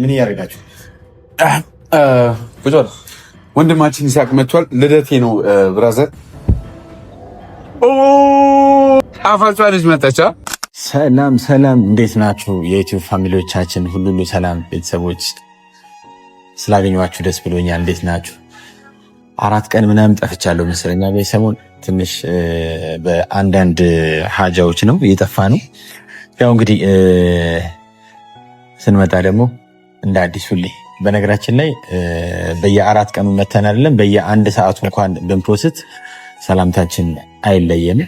ምን እያደረጋችሁ ወንድማችን ይስሐቅ መጥቷል። ልደቴ ነው ብራዘር። ጣፋጯ ልጅ መጠቻ። ሰላም ሰላም፣ እንዴት ናችሁ የዩቲዩብ ፋሚሊዎቻችን ሁሉ? ሰላም ቤተሰቦች፣ ስላገኘኋችሁ ደስ ብሎኛል። እንዴት ናችሁ? አራት ቀን ምናምን ጠፍቻለሁ መሰለኝ። ቤተሰቡን ትንሽ በአንዳንድ ሀጃዎች ነው እየጠፋ ነው። ያው እንግዲህ ስንመጣ ደግሞ እንደ አዲሱ ሁሌ በነገራችን ላይ በየአራት ቀኑ መተን አይደለም በየአንድ ሰዓቱ እንኳን ብንፖስት ሰላምታችን አይለየም።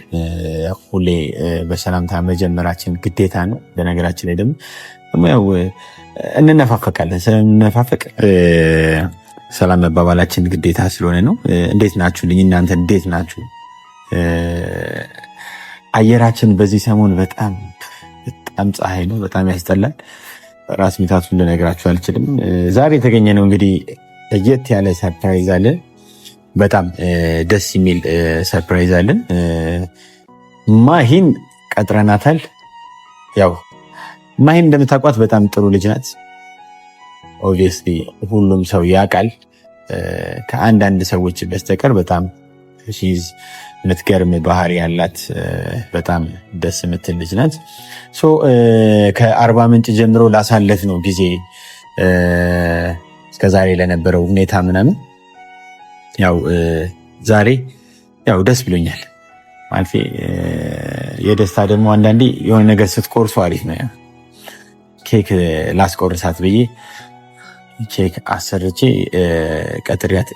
ሁሌ በሰላምታ መጀመራችን ግዴታ ነው። በነገራችን ላይ ደግሞ ያው እንነፋፈቃለን። ስለምንነፋፈቅ ሰላም መባባላችን ግዴታ ስለሆነ ነው። እንዴት ልኝ እናንተ እንዴት ናችሁ? አየራችን በዚህ ሰሞን በጣም በጣም ፀሐይ ነው። በጣም ያስጠላል። ራስ ሚታቱን ልነግራችሁ አልችልም። ዛሬ የተገኘ ነው እንግዲህ ለየት ያለ ሰርፕራይዝ አለን። በጣም ደስ የሚል ሰርፕራይዝ አለን። ማሂን ቀጥረናታል። ያው ማሂን እንደምታውቋት በጣም ጥሩ ልጅ ናት። ኦብቪየስሊ ሁሉም ሰው ያውቃል ከአንዳንድ ሰዎች በስተቀር በጣም የምትገርም ባህሪ ያላት በጣም ደስ የምትል ልጅ ናት። ከአርባ ምንጭ ጀምሮ ላሳለፍ ነው ጊዜ እስከዛሬ ለነበረው ሁኔታ ምናምን ያው ዛሬ ያው ደስ ብሎኛል። ማለቴ የደስታ ደግሞ አንዳንዴ የሆነ ነገር ስትቆርሱ አሪፍ ነው። ኬክ ላስቆርሳት ብዬ ኬክ አሰርቼ ቀጥሪያት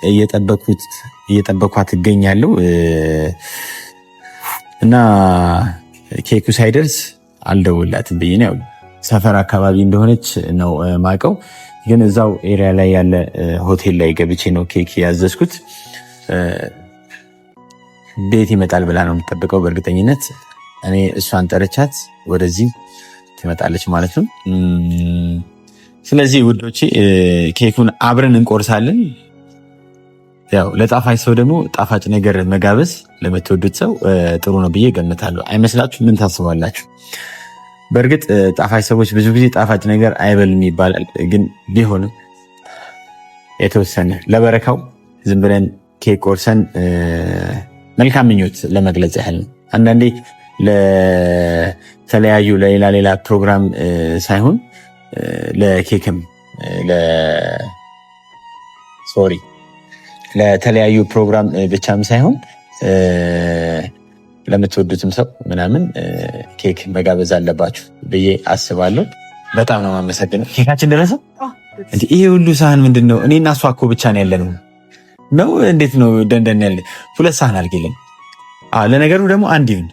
እየጠበኳት እገኛለሁ እና ኬኩ ሳይደርስ አልደውላትም ብዬ ነው። ሰፈር አካባቢ እንደሆነች ነው ማቀው፣ ግን እዛው ኤሪያ ላይ ያለ ሆቴል ላይ ገብቼ ነው ኬክ ያዘዝኩት። ቤት ይመጣል ብላ ነው የምጠብቀው በእርግጠኝነት። እኔ እሷን ጠረቻት ወደዚህ ትመጣለች ማለት ነው። ስለዚህ ውዶቼ ኬኩን አብረን እንቆርሳለን። ያው ለጣፋጭ ሰው ደግሞ ጣፋጭ ነገር መጋበዝ ለምትወዱት ሰው ጥሩ ነው ብዬ ገምታለሁ። አይመስላችሁ? ምን ታስባላችሁ? በእርግጥ ጣፋጭ ሰዎች ብዙ ጊዜ ጣፋጭ ነገር አይበልም ይባላል። ግን ቢሆንም የተወሰነ ለበረካው ዝም ብለን ኬክ ቆርሰን መልካም ምኞት ለመግለጽ ያህል ነው። አንዳንዴ ለተለያዩ ለሌላ ሌላ ፕሮግራም ሳይሆን ለኬክም ሶሪ ለተለያዩ ፕሮግራም ብቻም ሳይሆን ለምትወዱትም ሰው ምናምን ኬክ መጋበዝ አለባችሁ ብዬ አስባለሁ። በጣም ነው የማመሰግነው። ኬካችን ደረሰ። ይሄ ሁሉ ሳህን ምንድን ነው? እኔና እሷ እኮ ብቻ ነው ያለን ነው። እንዴት ነው ደንደን ያለ? ሁለት ሳህን አልግልን። ለነገሩ ደግሞ አንድ ይሁን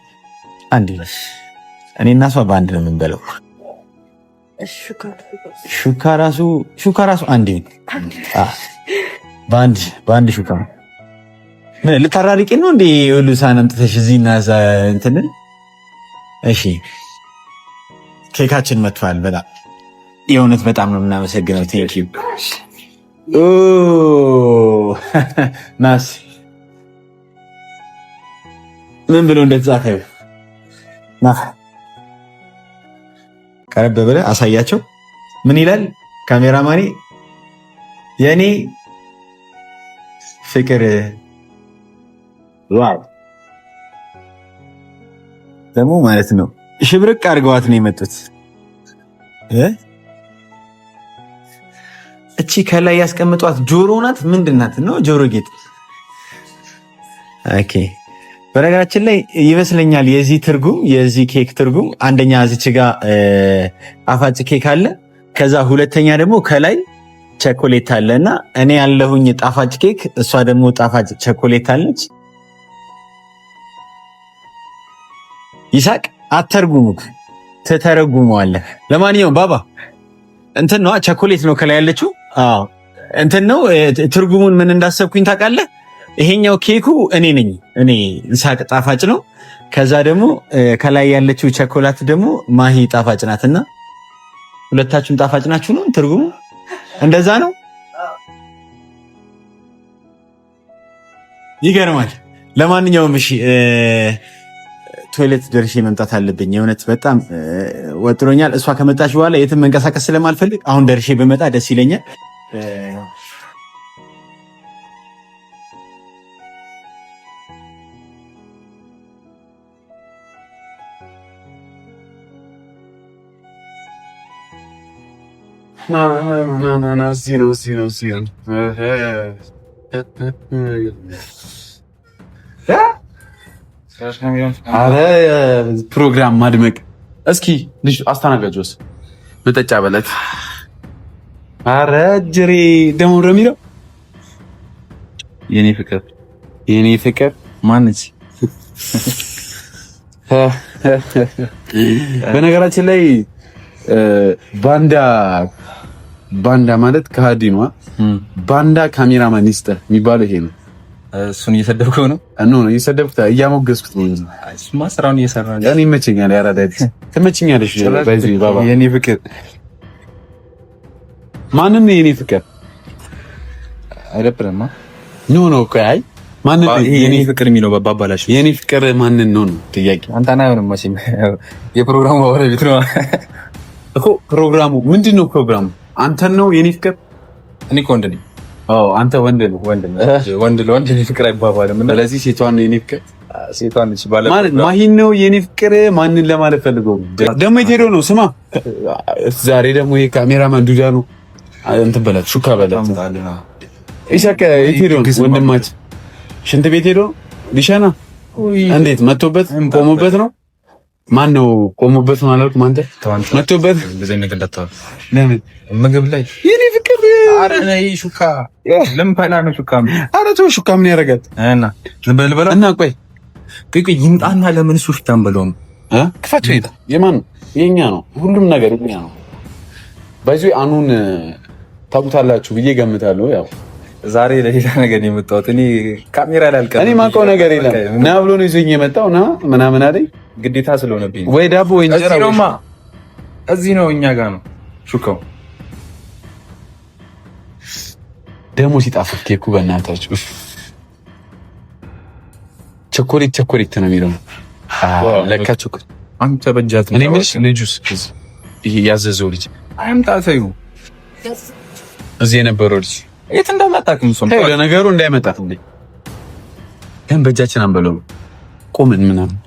አንድ ይሁን። እኔ እና እሷ በአንድ ነው የምንበለው። ሹካ ራሱ ሹካ ራሱ አንዴ በአንድ በአንድ ሹካ ምን ልታራርቂ ነው እንዴ? ሁሉ ሳን አምጥተሽ እዚህና እንትን። እሺ ኬካችን መጥቷል። በጣም የእውነት በጣም ነው የምናመሰግነው። ቴንክ ዩ ናስ ምን ብሎ እንደተጻፈ ቀረብ ብለህ አሳያቸው። ምን ይላል ካሜራማኔ? የእኔ ፍቅር ዋው! ደግሞ ማለት ነው ሽብርቅ አድርገዋት ነው የመጡት። እቺ ከላይ ያስቀምጧት ጆሮ ናት። ምንድን ነው ጆሮ ጌጥ ኦኬ በነገራችን ላይ ይመስለኛል የዚህ ትርጉም የዚህ ኬክ ትርጉም አንደኛ እዚች ጋ ጣፋጭ ኬክ አለ። ከዛ ሁለተኛ ደግሞ ከላይ ቸኮሌት አለ እና እኔ ያለሁኝ ጣፋጭ ኬክ፣ እሷ ደግሞ ጣፋጭ ቸኮሌት አለች። ይሳቅ አተርጉሙክ ትተረጉመዋለህ። ለማንኛውም ባባ እንትን ነዋ ቸኮሌት ነው ከላይ ያለችው እንትን ነው ትርጉሙን ምን እንዳሰብኩኝ ታውቃለህ? ይሄኛው ኬኩ እኔ ነኝ እኔ ይስሐቅ ጣፋጭ ነው። ከዛ ደግሞ ከላይ ያለችው ቸኮላት ደግሞ ማሂ ጣፋጭ ናት። እና ሁለታችሁም ጣፋጭ ናችሁ ነው ትርጉሙ፣ እንደዛ ነው። ይገርማል። ለማንኛውም እሺ፣ ቶይሌት ደርሼ መምጣት አለብኝ። የእውነት በጣም ወጥሮኛል። እሷ ከመጣች በኋላ የትም መንቀሳቀስ ስለማልፈልግ አሁን ደርሼ በመጣ ደስ ይለኛል። አረ ፕሮግራም ማድመቅ እስኪ ልጅ አስተናጋጅስ መጠጫ በለት። ኧረ ጅሬ ደግሞ የሚለው የኔ ፍቅር የኔ ፍቅር ማነች? በነገራችን ላይ ባንዳ ባንዳ ማለት ከሃዲ ነው። ባንዳ ካሜራማን ይስጥ የሚባለው ይሄ ነው። እሱን እየሰደብከው ነው? ኖ ነው እየሰደብኩት እያሞገስኩት ነው እንጂ እሱማ ስራውን እየሰራ ነው። እኔ ይመቸኛል። ያራዳት ትመቸኛለሽ። ባይዚ ባባ የኔ ፍቅር ማንን ነው የኔ ፍቅር? አይደብርማ። ኖ ነው እኮ አይ ማንን የኔ ፍቅር የሚለው በአባባላሽ የኔ ፍቅር ማንን ነው ነው ጥያቄ። አንተና አይሆንም መቼም የፕሮግራሙ ባለቤት ነው እኮ ፕሮግራሙ ምንድን ነው ፕሮግራሙ አንተን ነው የኔ ፍቅር። እኔ እኮ ወንድ ነኝ። አዎ አንተ ወንድ ነው። ወንድ ነው ወንድ ለወንድ የኔ ፍቅር አይባባልም። ስለዚህ ሴቷን ነው የኔ ፍቅር። ሴቷን እሺ፣ ባለ ማለት ማሂን ነው የኔ ፍቅር። ማንን ለማለት ፈልገው ደግሞ የት ሄዶ ነው? ስማ ዛሬ ደግሞ ይሄ ካሜራማን ዱዳ ነው እንትን በላት፣ ሹካ በላት። ኢሳከ የት ሄዶ ነው ወንድማችን? ሽንት ቤት ሄዶ ሊሸና እንዴት መቶበት ቆሞበት ነው ማን ነው ቆሞበት? ነው አላልኩም? አንተ መቶበት እንደዚህ ነገር እንዳታወራ። ለምን ምግብ ላይ የኔ ፍቅር? ኧረ ነይ ሹካ። ለምን ፓላ ነው ሹካ? ኧረ ተው ሹካ፣ ምን ያደርጋል? እና ልበልበላ እና ቆይ ቆይ ቆይ ይምጣና ለምን እሱ ሹካ አንበለውም? ክፈቱ። ይሄ የማን ነው? የኛ ነው። ሁሉም ነገር የኛ ነው። በዚህ አኑን ታውቁታላችሁ ብዬ ገምታለሁ። ያው ዛሬ ለሌላ ነገር ነው የመጣሁት እኔ ካሜራ ላይ አልቀረም። እኔ ማውቀው ነገር የለም። ና ብሎ ነው ይዞኝ የመጣው ና ምናምን አለኝ ግዴታ ስለሆነብኝ ወይ ዳቦ ወይ እንጀራ እዚህ ነው፣ እኛ ጋር ነው ሹካው። ደግሞ ሲጣፍጥ ኬኩ በእናታችሁ ቸኮሌት ቸኮሌት ነው የሚለው። ለካ ቸኮሌት አንተ በጃት ነው። እኔ የምልሽ ይሄ ያዘዘው ልጅ አይምጣተዩ ተይው፣ እዚህ የነበረው ልጅ የት እንዳመጣክም ሰው ለነገሩ እንዳይመጣ ግን በእጃችን አንበለው ቆምን ምናምን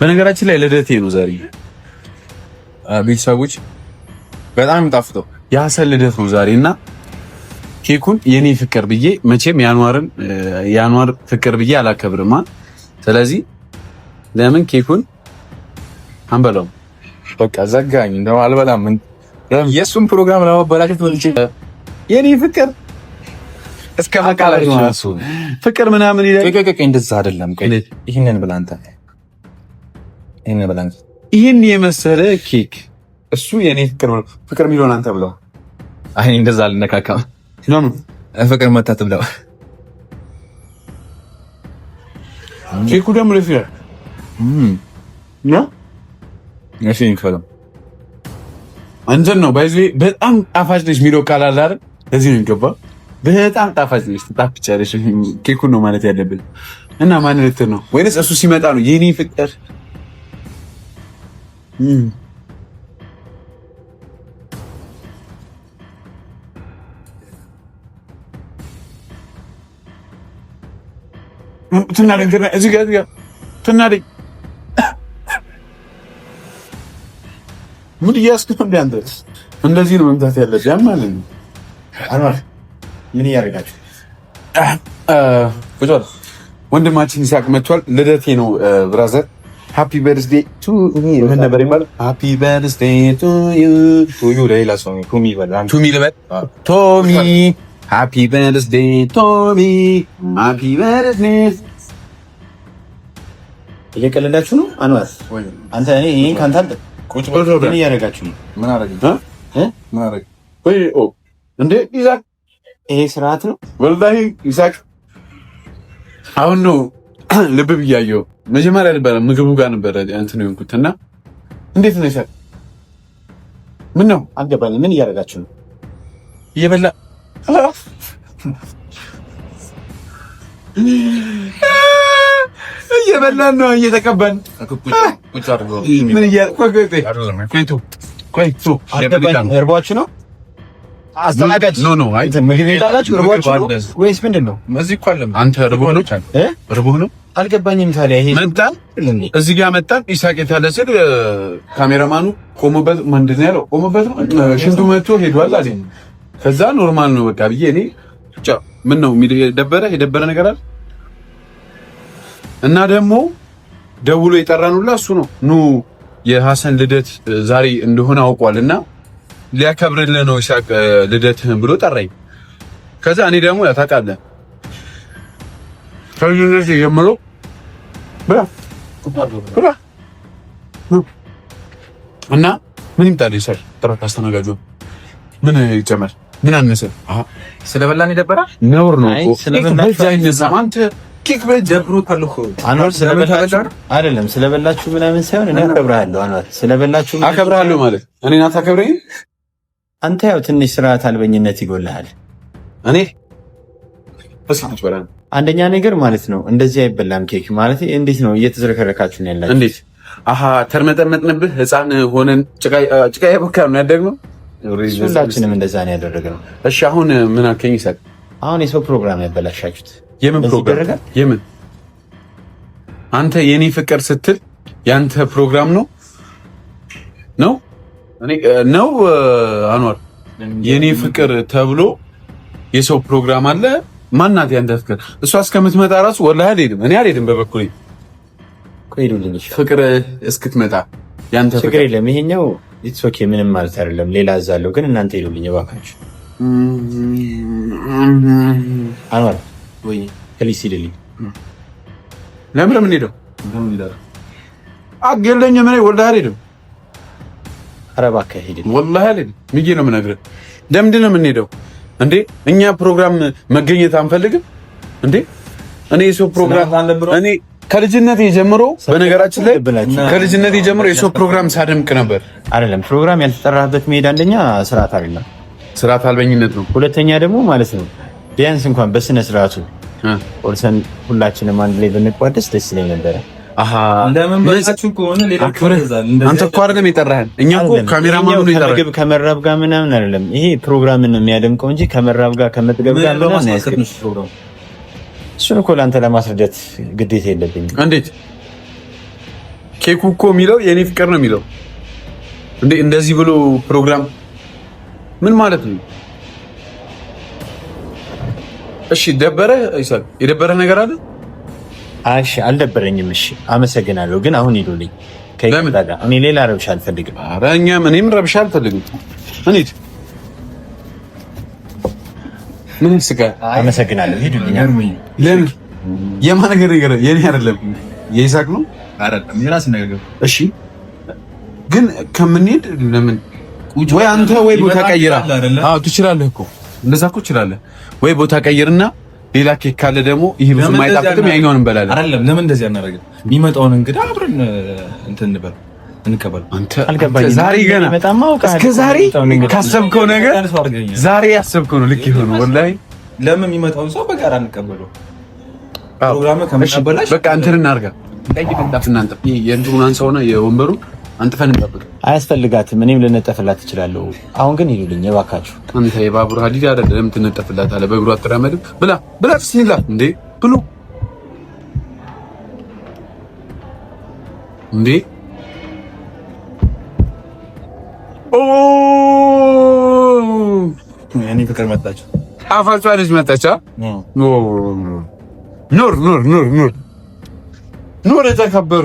በነገራችን ላይ ልደቴ ነው ዛሬ። ቤተሰቦች በጣም የሚጣፍጠው የሀሰን ልደት ነው ዛሬ እና ኬኩን የኔ ፍቅር ብዬ መቼም ያኗርን ያኗር ፍቅር ብዬ አላከብርማ። ስለዚህ ለምን ኬኩን አንበላውም? በቃ ዘጋኝ፣ እንደው አልበላም። የእሱን ፕሮግራም ለማበላሸት ወልቼ የኔ ፍቅር እስከ መቃላሽ ፍቅር ምናምን ይላል። እንደዛ አይደለም። ቆይ ይህንን ብላ ይህን የመሰለ ኬክ እሱ የኔ ፍቅር ነው። ፍቅር የሚለውን አንተ ብለው። አይ እንደዛ አልነካካም። ፍቅር መታት ብለው ኬኩ ደግሞ ደስ ይላል። እንትን ነው ባይዚ በጣም ጣፋጭ ነች የሚለው ቃል አለ አይደል? ለዚህ ነው የሚገባ። በጣም ጣፋጭ ነች። ትጣፍጫለች። ኬኩን ነው ማለት ያለብን እና ማን ልትል ነው? ወይንስ እሱ ሲመጣ ነው የኔ ፍቅር ትናደኝ hmm. ምን እያስክ ነው? እንደዚህ ነው መምታት ምን እያደረጋችሁ? ወንድማችን ይሳቅ መጥቷል። ልደቴ ነው ብራዘር ሃፒ በርዝዴ ቱ ምን ነበር ይባል? ሃፒ በርዝዴ ቱ ዩ ቱ ዩ ሌላ ሰው ቱሚ ይበላል። ቱሚ ልበል። ቶሚ ሃፒ በርስዴ ቶሚ ሃፒ በርዝዴ እየቀለዳችሁ ነው። አንዋር አንተ እኔ ይሄን ካንተ አለ ቁጭ ብሎ ምን እያደረጋችሁ ነው? ምን አደረገ? እ ምን አደረገ? ወይ ኦ እንዴ ይዛቅ ይሄ ስርዓት ነው ወላሂ ይዛቅ አሁን ነው ልብ ብያየው መጀመሪያ ነበረ ምግቡ ጋር ነበረ እንትን የሆንኩት እና እንዴት ነው ይሰር ምን ነው አልገባኝም። ምን እያደረጋችሁ ነው? እየበላ እየበላን ነው እየተቀበን ምን እያ ቆይ ቆይ ቆይ ቆይ ነው አስተናጋጅ ኖ ኖ ነው ወይስ እኮ አለም አንተ ነው እ ነው ይሄ መጣን እዚህ ጋር መጣን። ኢሳቅ የታለ ካሜራማኑ ቆመበት ምንድን ያለው? ቆመበት ሽንቱ መቶ ሄዷል አለኝ። ከዛ ኖርማል ነው በቃ ብዬ እኔ ብቻ ምን ነው የደበረ የደበረ ነገር አለ እና ደግሞ ደውሎ የጠራን እሱ ነው ኑ የሐሰን ልደት ዛሬ እንደሆነ አውቋልና ሊያከብርልህ ነው ይሳቅ ልደትህን ብሎ ጠራኝ። ከዛ እኔ ደግሞ ታውቃለህ ከልጅነት ጀምሮ እና ምን ይምጣል ይሰር ጥራት አስተናጋጁ ምን ይጨመር ምን አነሰ? ስለበላን ይደበራል። ነውር ነው አንተ ኬክ ስለበላችሁ ምናምን ሳይሆን እኔ አከብርሃለሁ። ስለበላችሁ አከብርሃለሁ ማለት እኔን አታከብረኝም? አንተ ያው ትንሽ ስርዓት አልበኝነት ይጎልሃል። እኔ አንደኛ ነገር ማለት ነው እንደዚህ አይበላም ኬክ ማለት እንዴት ነው? እየተዝረከረካችሁ ነው ያላችሁ። እንዴት አሀ ተርመጠመጥንብህ፣ ህፃን ሆነን ጭቃ የቦካ ነው ያደግነው። ሁላችንም እንደዛ ነው ያደረግነው። እሺ አሁን ምን አልከኝ? ይሳቅ አሁን የሰው ፕሮግራም ያበላሻችሁት። የምን ፕሮግራም? የምን አንተ የኔ ፍቅር ስትል ያንተ ፕሮግራም ነው ነው ነው አኗር የኔ ፍቅር ተብሎ የሰው ፕሮግራም አለ። ማናት ያንተ ፍቅር? እሷ እስከምትመጣ ራሱ ወላሂ አልሄድም እኔ አልሄድም በበኩሌ ፍቅር እስክትመጣ ያንተ ፍቅር የለም። ይሄኛው ኢትስ ኦኬ ምንም ማለት አይደለም። ሌላ እዛ ግን እናንተ ሄዱልኝ እባካችሁ። አኗር ወይ ፕሊስ ሂድልኝ። ለምን ለምን ሄደው አገለኝ ምን ወላሂ አልሄድም አረብ አካሄድ ወላሂ አለኝ ብዬ ነው የምነግርህ። ለምንድን ነው የምንሄደው እንዴ? እኛ ፕሮግራም መገኘት አንፈልግም እንዴ? እኔ የሰው ፕሮግራም እኔ ከልጅነት የጀምሮ በነገራችን ላይ ከልጅነት የጀምሮ የሰው ፕሮግራም ሳደምቅ ነበር። አይደለም ፕሮግራም ያልተጠራህበት መሄድ አንደኛ ስርዓት አይደለም፣ ስርዓት አልበኝነት ነው። ሁለተኛ ደግሞ ማለት ነው ቢያንስ እንኳን በስነ ስርዓቱ ሁላችንም አንድ ላይ ብንቋደስ ደስ ይለኝ ነበረ። አንተ እኮ አይደለም የጠራህን፣ እኛ እኮ ካሜራማኑ ነው የጠራህን። ከመራብ ጋር ምናምን አይደለም ይሄ ፕሮግራምን ነው የሚያደምቀው እንጂ ከመራብ ጋር ከመጥገብ ጋር ምናምን እሱን እኮ ለአንተ ለማስረዳት ግዴታ የለብኝም። እንዴት ኬኩ እኮ የሚለው የእኔ ፍቅር ነው የሚለው እንዴ! እንደዚህ ብሎ ፕሮግራም ምን ማለት ነው? እሺ ደበረ ይሳል የደበረ ነገር አለ እሺ አልደበረኝም። እሺ አመሰግናለሁ። ግን አሁን ሂዱልኝ። እኔ ሌላ ረብሻ አልፈልግም። ኧረ እኛም እኔም ረብሻ አልፈልግም። እንሂድ። ምንም ስጋ። አመሰግናለሁ። ሂዱልኝ። ለምን የማ ነገር ነገር የኔ አይደለም የይሳቅ ነው አይደለም የራስ ነገር። እሺ ግን ከምንሄድ ለምን ወይ አንተ ወይ ቦታ ቀይራ። አዎ ትችላለህ እኮ እንደዛ እኮ ትችላለህ ወይ ቦታ ቀይርና ሌላ ኬክ ካለ ደግሞ ይሄ ብዙ ማይጣፍጥም ያኛውን እንበላለን። አይደለም ለምን እንደዚህ አናደርግም? የሚመጣውን እንግዳ አብረን እንትን እንበል አንተ ዛሬ ገና እስከ ዛሬ ካሰብከው ነገር ዛሬ ያሰብከው ነው ልክ ይሆኑ። ወላሂ ለምን የሚመጣውን ሰው በጋራ እንቀበለው? ፕሮግራሙ ከመጣበላሽ በቃ እንትን እናድርጋ። ቀይ ምንጣፍ እናንጥፍ። የእንትኑን አንሳውና የወንበሩ አንጥፈን እንጠብቅ። አያስፈልጋትም። እኔም ልነጠፍላት እችላለሁ። አሁን ግን ይሉልኝ የባካችሁ። አንተ የባቡር ሀዲድ አይደለም ትነጠፍላት አለ። በእግሩ አትራመድም። ብላ ብላ ሲላ እንዴ ብሎ እንዴ ኦ እኔ ፍቅር መጣች። አፋቿ ልጅ መጣች። ኖር ኑር ኑር ኑር ኑር የተከበሩ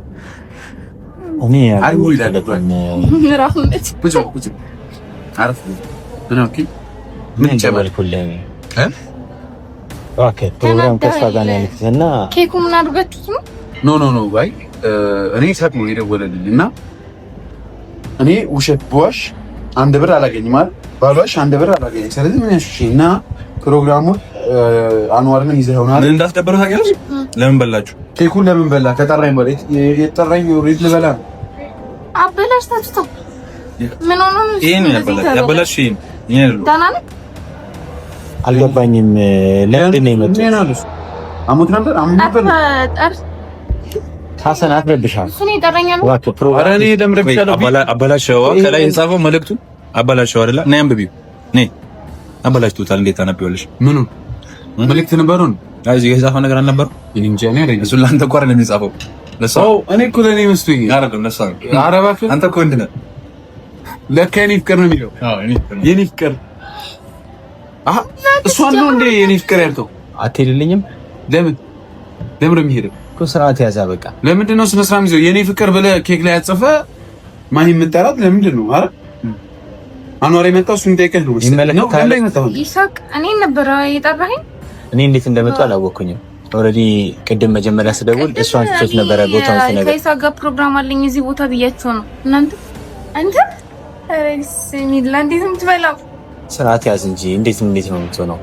ኖ እኔ ውሸት አንድ ብር አላገኝም አይደል ባሏሽ አንድ ብር አላገኝም። ስለዚህ ምን ያሽ እና ፕሮግራሙን አንዋርንም ይዘህ ሆናል እንዳስደበረ ታውቂያለሽ። ለምን በላችሁ ኬኩን? ለምን በላ ከጠራኝ በላ የጠራኝ ሬት ልበላ ነው አበላሽታችሁ ምን ሆኖ ነው? ይሄን ያበላሽ ይሄን ደህና አልገባኝም። ለምንድን ነው የመጡት? ሀሰን አትረብሻል። ኧረ እኔ ለምረብሻለሁ። አበላሸዋ ከላይ የጻፈው መልእክቱን አበላሸዋ አይደለ? ነይ አንብቢው። ነይ አበላሽቶታል። እንዴት አነቢዋለሽ? ምኑ መልእክት ነበረውን? የጻፈው ነገር አልነበረው። እሱን ለአንተ እኮ አይደለም የጻፈው እኔ እኮ ለእኔ አንተ ወንድ ነህ። ለካ የኔ ፍቅር ነው የሚለው የኔ ፍቅር እሷን ነው እንደ የኔ ፍቅር ያልከው አትሄድልኝም? ለምን ለምን ነው የሚሄደው? እኮ ስርዓት ያዛ በቃ። ለምንድን ነው ስነ ስርዓት ይዘው የኔ ፍቅር ብለህ ኬክ ላይ ያጽፈ ማን የምጠራት ለምንድን ነው? ኧረ አኗር የመጣው እሱን ጠይቀህ ነው መሰለኝ። ይሳቅ እኔን ነበረ የጠራኸኝ። እኔ እንዴት እንደመጣሁ አላወኩኝም። ኦልሬዲ ቅድም መጀመሪያ ስደውል እሷን ትቶት ነበረ። ቦታ ስነገር ከእሷ ጋር ፕሮግራም አለኝ እዚህ ቦታ ብያቸው ነው። እናንተ አንተ ረስ ሚላ እንዴት ነው የምትበላው? ስርዓት ያዝ እንጂ እንዴት እንዴት ነው ነው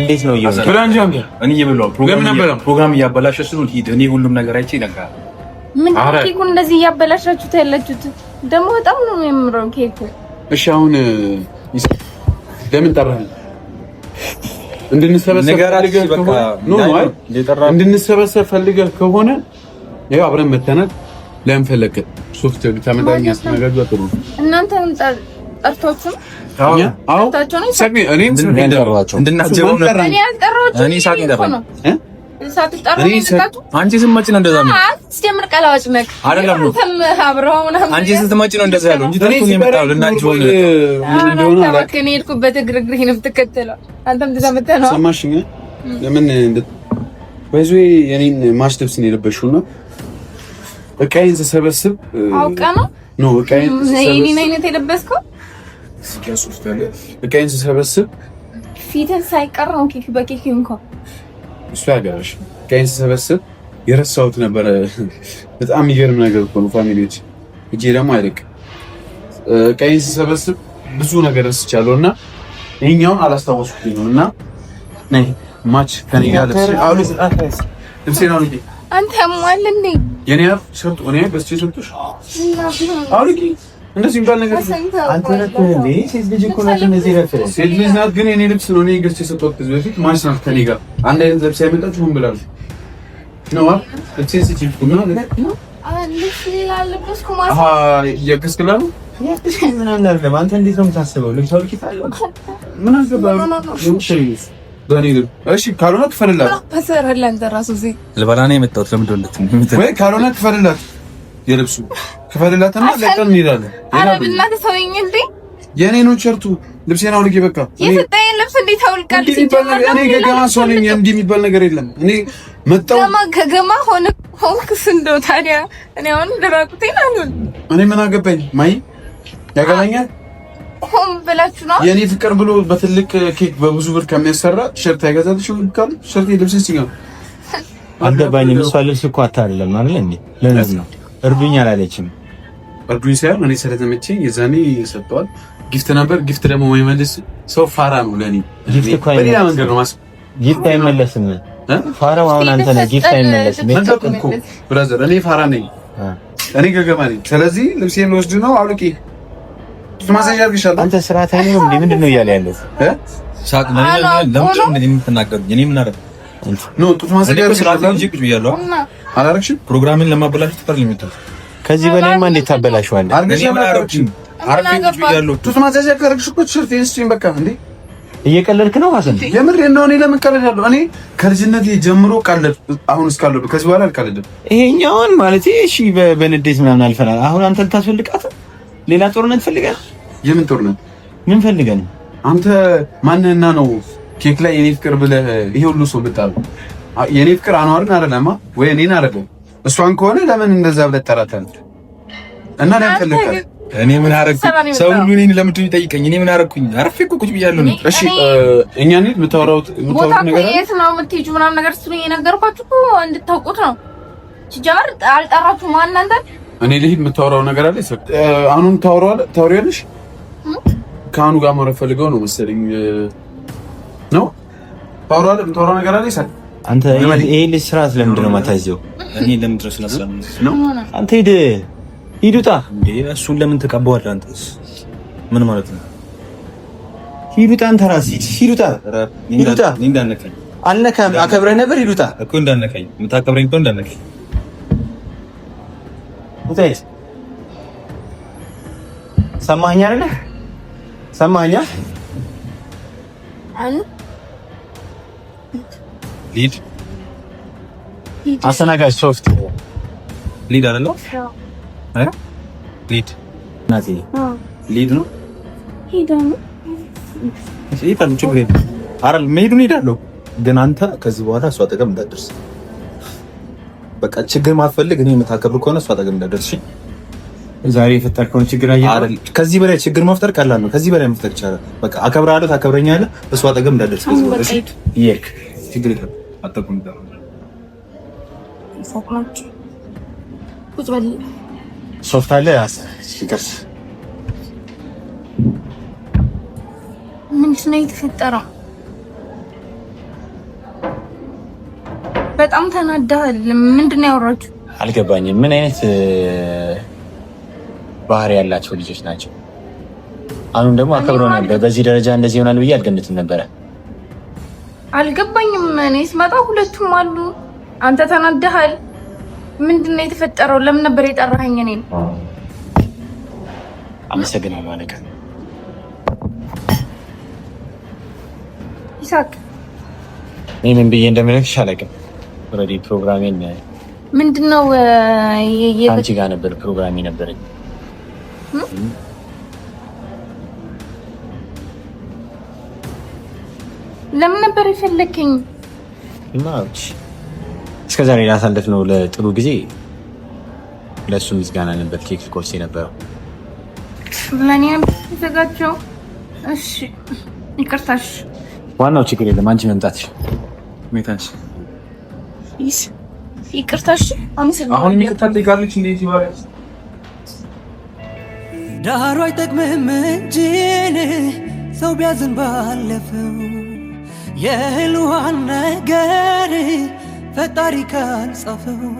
እንዴት ነው እየሆነ እኔ እየበላሁ ፕሮግራም እያበላሸ ስሉ ሂድ። እኔ ሁሉም ነገር አይቼ ይነግርሀል። ምን ኬኩ እንደዚህ እያበላሻችሁት ያላችሁት ደግሞ በጣም ነው የምረው ኬኩ። እሺ አሁን ለምን ጠራል? እንድንሰበሰብ ፈልገህ ከሆነ ያው አብረን መተናል። ለምን ፈለክ ሶፍት ተመጣጣኝ አስተናጋጅ ጥሩ ነው። እናንተ ጠርታችሁ አዎ፣ እኔም አንቺ ስትመጪ ነው እንደዛ ነው። አንቺ ስትመጪ ነው እንደዛ ያለው እንጂ ተርኩኝ የመጣው ልናችሁ ሆነ ለምን በዚህ የኔን ማች ነው የለበሽው እቃዬን ስሰበስብ አውቀህ ነው ኖ እቃዬን የኔን አይነት የለበስከው እቃዬን ስሰበስብ ፊትን ሳይቀር ነው ኬክ በኬክ እንኳን እሱ ያገራሽ ቀይን ስሰበስብ የረሳሁት ነበረ። በጣም የሚገርም ነገር እኮ ነው። ፋሚሊዎች እጄ ደግሞ አይልቅ ቀይን ስሰበስብ ብዙ ነገር ረስቻለሁ እና ይህኛውን አላስታወስኩኝ ነው እና ማች ከኔ ጋር ልብሴ ነው አንተ ማል የኔ ሸርጡ እኔ ገዝቼ ሰጡሽ አውልቂ እንደዚህ ነገር ግን የኔ ልብስ ነው እኔ ገዝቼ ከዚህ በፊት ማች ናት ከኔ ጋር አንድ አይነት ያመጣችሁ ምን ብላለች ነው ካልሆነ ክፈልላት። ልበላ ነው የመጣሁት። ለምንድን ነው ካልሆነ ክፈልላት የልብሱ ክፈልላትና ለቀን እንሄዳለን። አረ ብላተ ሰውኝ እንዴ የኔ ነው ቸርቱ ልብሴን አውልቂ። በቃ የሰጠኝ ልብስ እንዴት ታውልቃለህ? ሲጀመር እኔ ገገማ ሰው ነኝ። እንዲህ የሚባል ነገር የለም። እኔ መጣሁ ገገማ ሆነ ሆንክስ እንደው ታዲያ እኔ አሁን ለራቁቴን አሉን እኔ ምን አገባኝ? ማይ ያገባኛል። ሆም ብላችሁ ነው የኔ ፍቅር ብሎ በትልቅ ኬክ በብዙ ብር ከሚያሰራ ሸርት አይገዛልሽ ይልካል። ሸርት ልብስ ሲገባ አልገባኝም። እሷ ልብስ እኮ አታለም አይደል እንዴ? ለዚህ ነው እርዱኝ አላለችም። እርዱኝ ሳይሆን እኔ ስለተመቸኝ የዛኔ ሰጥተዋል። ጊፍት ነበር። ጊፍት ደግሞ የማይመልስ ሰው ፋራ ነው። ለኔ ጊፍት እኮ በሌላ መንገድ ነው ማስ ጊፍት አይመለስም። ፋራው አሁን አንተ ነህ። ጊፍት አይመለስም። መንገድ እኮ ብራዘር፣ እኔ ፋራ ነኝ። እኔ ገገማ ነኝ። ስለዚህ ልብሴን ልወስድ ነው አውልቂ አንተ ስርዓት አይነ ነው። ምንድን ነው እያለ ያለው ሳቅ ነው። ለምን ለምን የምትናገሩኝ? እኔ ምን አደረኩ? ኖ ጡት ማሳጅ አድርግሻለሁ እንጂ ቁጭ ብያለሁ። አላረግሽም? ፕሮግራሜን ለማበላሸት ተፈር ለሚተው ከዚህ በላይማ እንዴት ታበላሽዋለህ? አርገሽ አላረግሽም። በቃ እንዴ እየቀለድክ ነው ሀሰን። የምር እንደው እኔ ለምን ቀለዳለሁ? እኔ ከልጅነት ጀምሮ ቀለድ፣ አሁን እስካለሁ ከዚህ በኋላ አልቀለድም። ይሄኛውን ማለት እሺ፣ በንዴት ምናምን አልፈናል። አሁን አንተ ልታስፈልጋት ሌላ ጦርነት ፈልጋል። የምን ጦርነት? ምን ፈልገን አንተ ማንና ነው ኬክ ላይ የኔ ፍቅር ብለህ ይሄ ሁሉ ሰው ብታል የኔ ፍቅር አኗርን አይደለማ ወይ እኔን አይደለም። እሷን ከሆነ ለምን እንደዛ ብለህ ተራተን እና ለምን እኔ ምን አረኩ ሰው ሁሉ እኔን ለምን ይጠይቀኝ? እኔ ምን አረኩኝ አርፌ እኮ ቁጭ ብያለሁ። ነው እሺ እኛ ነን የምታወራው የምታወራው ነገር ነው የት ነው የምትሄጂው? ምናምን ነገር ስትሉኝ የነገርኳችሁ እኮ እንድታውቁት ነው። ሲጀመር አልጠራችሁም። ማን እናንተ እኔ ልሂድ። የምታወራው ነገር አለ። ሰው አሁንም ታወራው ታወሪያለሽ። ከአሁኑ ጋር ማውራት ፈልገው ነው መሰለኝ ነው። ታወራው የምታወራው ነገር አለ ሰው አንተ ይሄ ልጅ ስራ ስለምንድን ነው የማታዘው? እኔ ለምንድን ነው ስላስላምንት ነው? አንተ ሂድ ሂድ ውጣ። እሱን ለምን ተቀበዋል? አንተ ምን ማለት ነው? ሂድ ውጣ። አንተ ራስህ ሂድ ሂድ ውጣ። ሂድ ውጣ። እንዳነካኝ አልነካም። አከብረህ ነበር። ሂድ ውጣ እኮ እንዳነካኝ። የምታከብረኝ እኮ እንዳነካኝ። ውጣ። ሰማኸኝ አይደለ? ሰማኸኝ አይደል? ሊድ አስተናጋጅ ሶፍት ሊድ አይደለ? አይ ሊድ ናዚ ሊድ ነው። መሄዱን ሄዳለሁ፣ ግን አንተ ከዚህ በኋላ እሷ አጠገብ እንዳትደርስ። በቃ ችግር ማትፈልግ እኔ የምታከብር ከሆነ እሷ አጠገብ እንዳትደርስ። ዛሬ የፈጠርከውን ችግር አይደል ከዚህ በላይ ችግር መፍጠር ቀላል ነው። ከዚህ በላይ መፍጠር ይቻላል። በቃ አከብርሃለሁ፣ ታከብረኛለህ። እሷ አጠገብ እንዳትደርስ። ችግር አጠቁምጣ ፎቅ ናችሁ። ቁጭ በል ሶፍት አለ። ይቅርስ ምንድን ነው የተፈጠረው? በጣም ተናዳል። ምንድን ነው ያወራችሁ? አልገባኝም። ምን አይነት ባህሪ ያላቸው ልጆች ናቸው? አሁን ደግሞ አከብሮ ነበር። በዚህ ደረጃ እንደዚህ ይሆናል ብዬ አልገምትም ነበረ። አልገባኝም። እኔ ስመጣ ሁለቱም አሉ። አንተ ተናደሃል። ምንድን ነው የተፈጠረው? ለምን ነበር የጠራኸኝ? እኔን አመሰግናለሁ አለቀ ይሳቅ። እኔ ምን ብዬ እንደምልክሽ አለቀ። ኦልሬዲ ፕሮግራሜን ምንድን ነው አንቺ ጋር ነበር ፕሮግራም ነበረኝ ለምን ነበር የፈለከኝ? እና እስከ ዛሬ ላሳለፍ ነው ለጥሩ ጊዜ ለእሱ ምስጋና ነበር ኬክ ኮርስ የነበረው ለእኔ ተዘጋጀው። እሺ ይቅርታሽ። ዋናው ችግር የለም አንቺ መምጣትሽ ሁኔታሽ ይቅርታሽ። አሁን ይቅርታ እንዴት ዳሩ እንጂ ሰው ቢያዝን ባለፈው يا هلو عنا جاري فتاري كان صفو